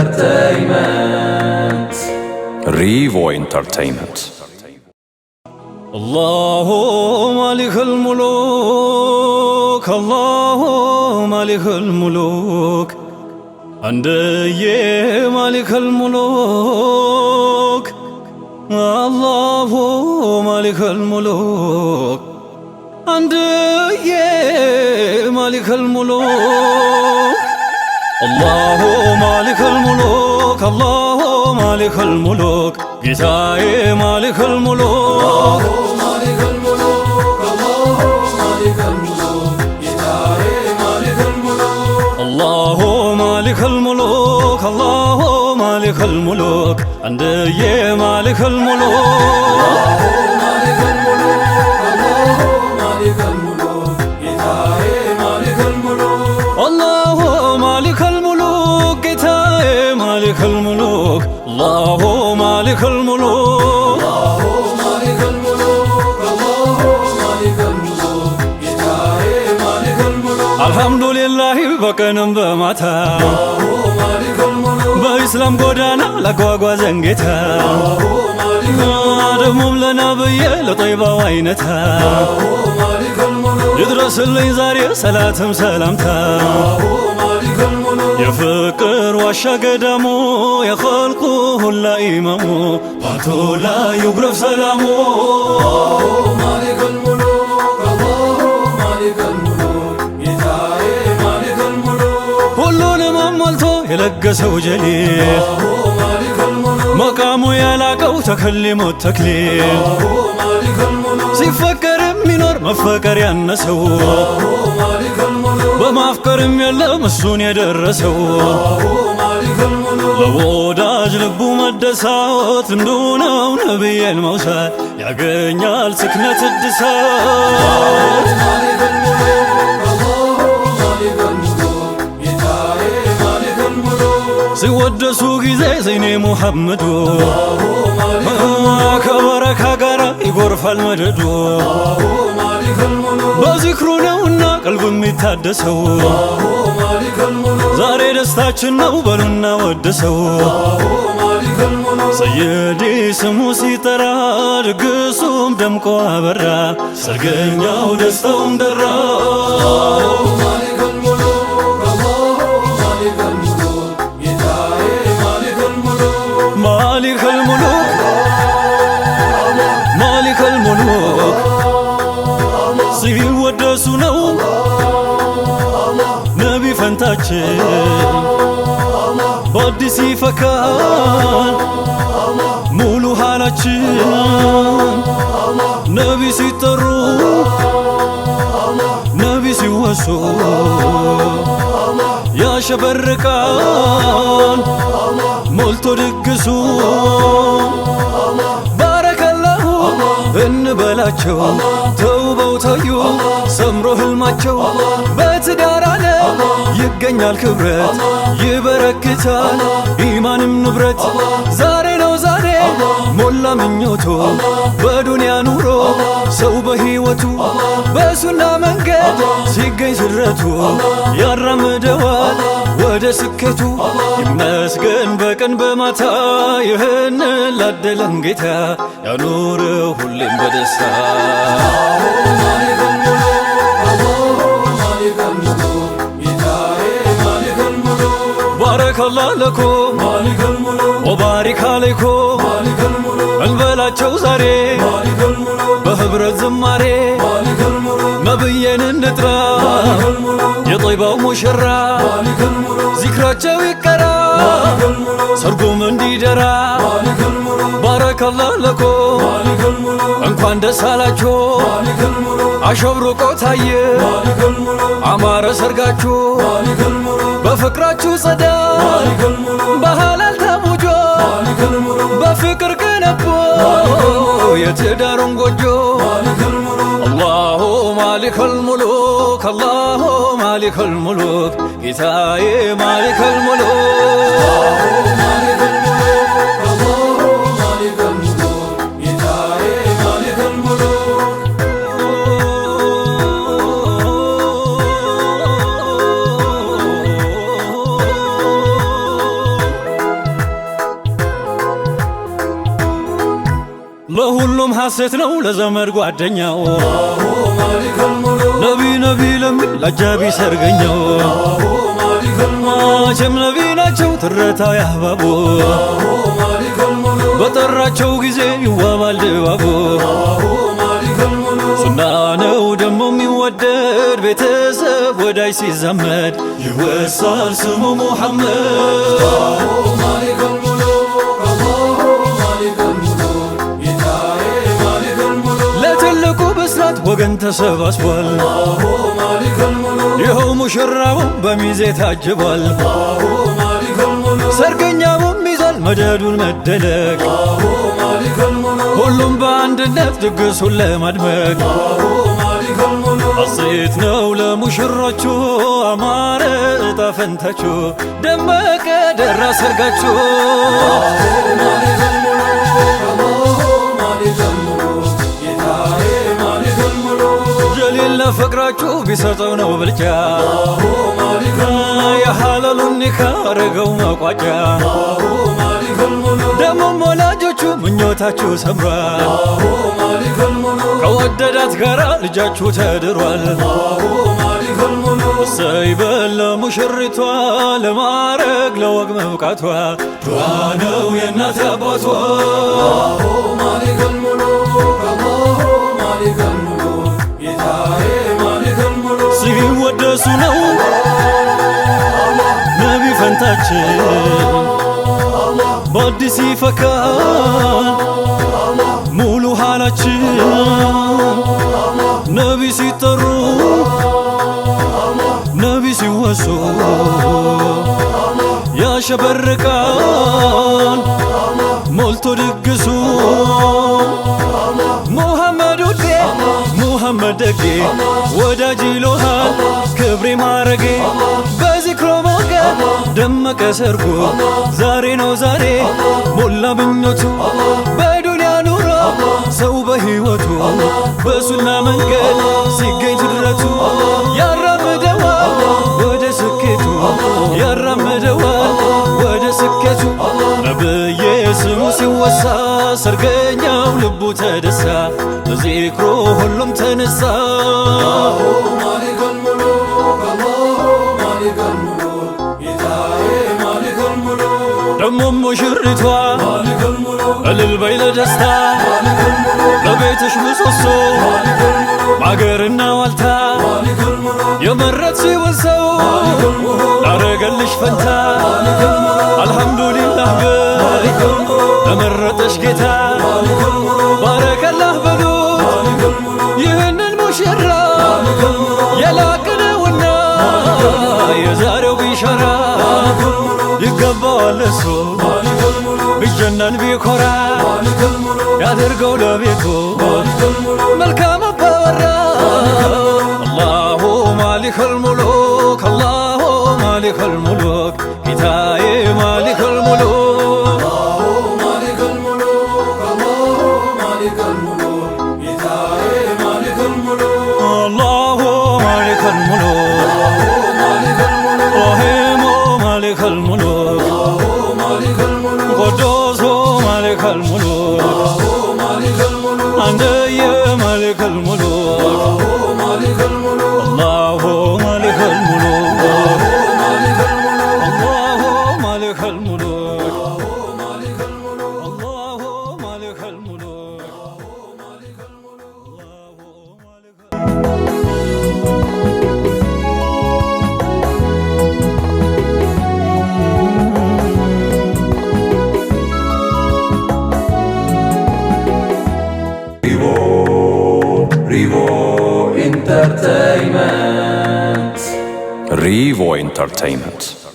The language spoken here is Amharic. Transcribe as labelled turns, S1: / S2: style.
S1: ኢንተርቴይንመንት ሪቮ ኢንተርቴይንመንት አላሁ ማሊክል ሙሉክ አላሁ ማሊክል ሙሉክ አንደየ ማሊክል ሙሉክ አላሁ ማሊክል ሙሉክ አንደየ ማሊክል ሙሉክ الله مالك الملوك الله مالك الملوك جزاي مالك الملوك
S2: الله مالك الملوك الله مالك الملوك جزاي مالك الملوك
S1: الله مالك الملوك الله مالك الملوك عندي مالك الملوك ማሊክ ልሙሉክ
S2: አላሁ ማሊክ ልሙሉክ
S1: አልሐምዱሊላህ በቀንም በማታ በኢስላም ጎዳና ለጓጓዘን ጌታ ደግሞም ለነብዬ ለጠይባው አይነታ ይድረስልኝ ዛሬ ሰላትም ሰላምታ የፍቅር ዋሻ ገዳሙ የኸልቁ ሁላ ኢማሙ ባቶ ላይ ይጉረፍ ሰላሙ ሁሉንም አሟልቶ የለገሰው ጀሊል መቃሙ ያላቀው ተከሊሞት ተክሊል ሲፈቀር የሚኖር መፈቀር ያነሰው በማፍቀርም የለም እሱን የደረሰው ለወዳጅ ልቡ መደሳወት እንደሆነው ነብየን ነብዬን ያገኛል ስክነት እድሳት ሲወደሱ ጊዜ ዘይኔ ሙሐመዶ ከበረካ ይጎርፋል መደዶ በዝክሩ ነውና ቀልቡ የሚታደሰው ዛሬ ደስታችን ነው በሉና ወደሰው ሰየዲ ስሙ ሲጠራ ድግሱም ደምቆ አበራ ሰርገኛው ደስታውም ደራ ማሊከል
S2: ልባችን በአዲስ ይፈካል
S1: ሙሉ ኃይላችን ነቢ ሲጠሩ ነቢ ሲወሱ ያሸበርቃል
S2: ሞልቶ ድግሱ
S1: ባረከላሁ እንበላቸው ሰምሮ ህልማቸው በትዳር አለ ይገኛል ክብረት ይበረክታል ኢማንም ንብረት ዛሬ ነው ዛሬ ሞላ ምኞቶ በዱንያ ኑሮ ሰው በሕይወቱ በሱና መንገድ ሲገኝ ስረቱ ያራምደዋል ወደ ስኬቱ ይመስገን በቀን በማታ ይህን ላደለን ጌታ ያኑረው ሁሌም በደስታ ከላለኮ ወባሪካ ለይኮ እንበላቸው ዛሬ በህብረት ዝማሬ ነብዬን እንጥራ የጦይባው ሙሽራ ዚክራቸው ይቀራ ሰርጎም እንዲደራ ተባረከላህ ለኮ እንኳን ደስ አላችሁ አሸብርቆ ታየ አማረ ሰርጋችሁ በፍቅራችሁ ጸዳ በሐላል ተሙጆ በፍቅር ገነቦ የትዳሩን ጎጆ አላሁ ማሊከል ሙሉክ አላሁ ማሊከል ሙሉክ ጌታዬ ማሊከል ሙሉክ ሐሴት ነው ለዘመድ ጓደኛው ነቢ ነቢ ለሚል ላጃቢ ሰርገኛው መቼም ነቢ ናቸው ትረታ ያህባቡ በጠራቸው ጊዜ ይዋባል ድባቡ ጽና ነው ደሞ የሚወደድ ቤተሰብ ወዳጅ ሲዘመድ ይወሳል ስሙ
S2: ሙሐመድ
S1: ወገን ተሰባስቧል። ይኸው ሙሽራውም በሚዜ ታጅቧል። ሰርገኛውም ይዟል መደዱን መደለቅ ሁሉም በአንድነት ድግሱን ለማድመቅ አጼት ነው ለሙሽሮቹ አማረ እጣ ፈንታችሁ ደመቀ ደራ ሰርጋችሁ ለሌለ ፍቅራችሁ ቢሰጠው ነው ብልጫ የሐለሉን ኒካ መቋጫ ደግሞም ወላጆቹ ምኞታችሁ ሰምሯል። ከወደዳት ጋራ ልጃችሁ ተድሯል። እሰይ በለ ለሙሽሪቷ ለማረግ ለወግ መብቃቷ ዋነው ነው የእናት አባቷ ሲወደሱ ነው ነቢ ፈንታችን በአዲስ ይፈካ ሙሉ ሀላችን ነቢ ሲጠሩ ነቢ ሲወሱ ያሸበርቃል
S2: ሞልቶ ድግሱ
S1: ሙሐመድ ውዴ መሐመድ ደጌ ወዳጅ ይሎሃል ክብሬ ማረጌ በዚክሮ ሞገድ ደመቀ ሰርጎ ዛሬ ነው ዛሬ ሞላ ምኞቱ በዱንያ ኑሮ ሰው በሕይወቱ በሱና መንገድ ሲገኝ ትድረቱ ያራምደዋል ወደ ስኬቱ ያራምደዋል ወደ ስኬቱ ነብዬ ስሙ ሲወሳ ሰርገኛው ልቡ ተደሳ በዚክሮ ሁሉም ተነሳ። ደሞ ሙሽሪቷ እልል በይ ለደስታ ለቤትሽ ምሰሶ ማገርና ዋልታ የመረት ሲሆን ሰው ላረገልሽ ፈንታ አልሐምዱሊላህ
S2: ገ
S1: ተመረጠሽ ጌታ ባረከላህ
S2: በሉት
S1: ይህንን ሙሽራ የላቅነውና የዛሬው ቢሸራ ይገባዋል እሱ ቢጀነን ቢኮራ ያድርገው ለቤቱ መልካም አባወራ አላሁ ማሊከል ሙሉክ አላሁ ማሊከል ሙሉክ El mono. entertainment.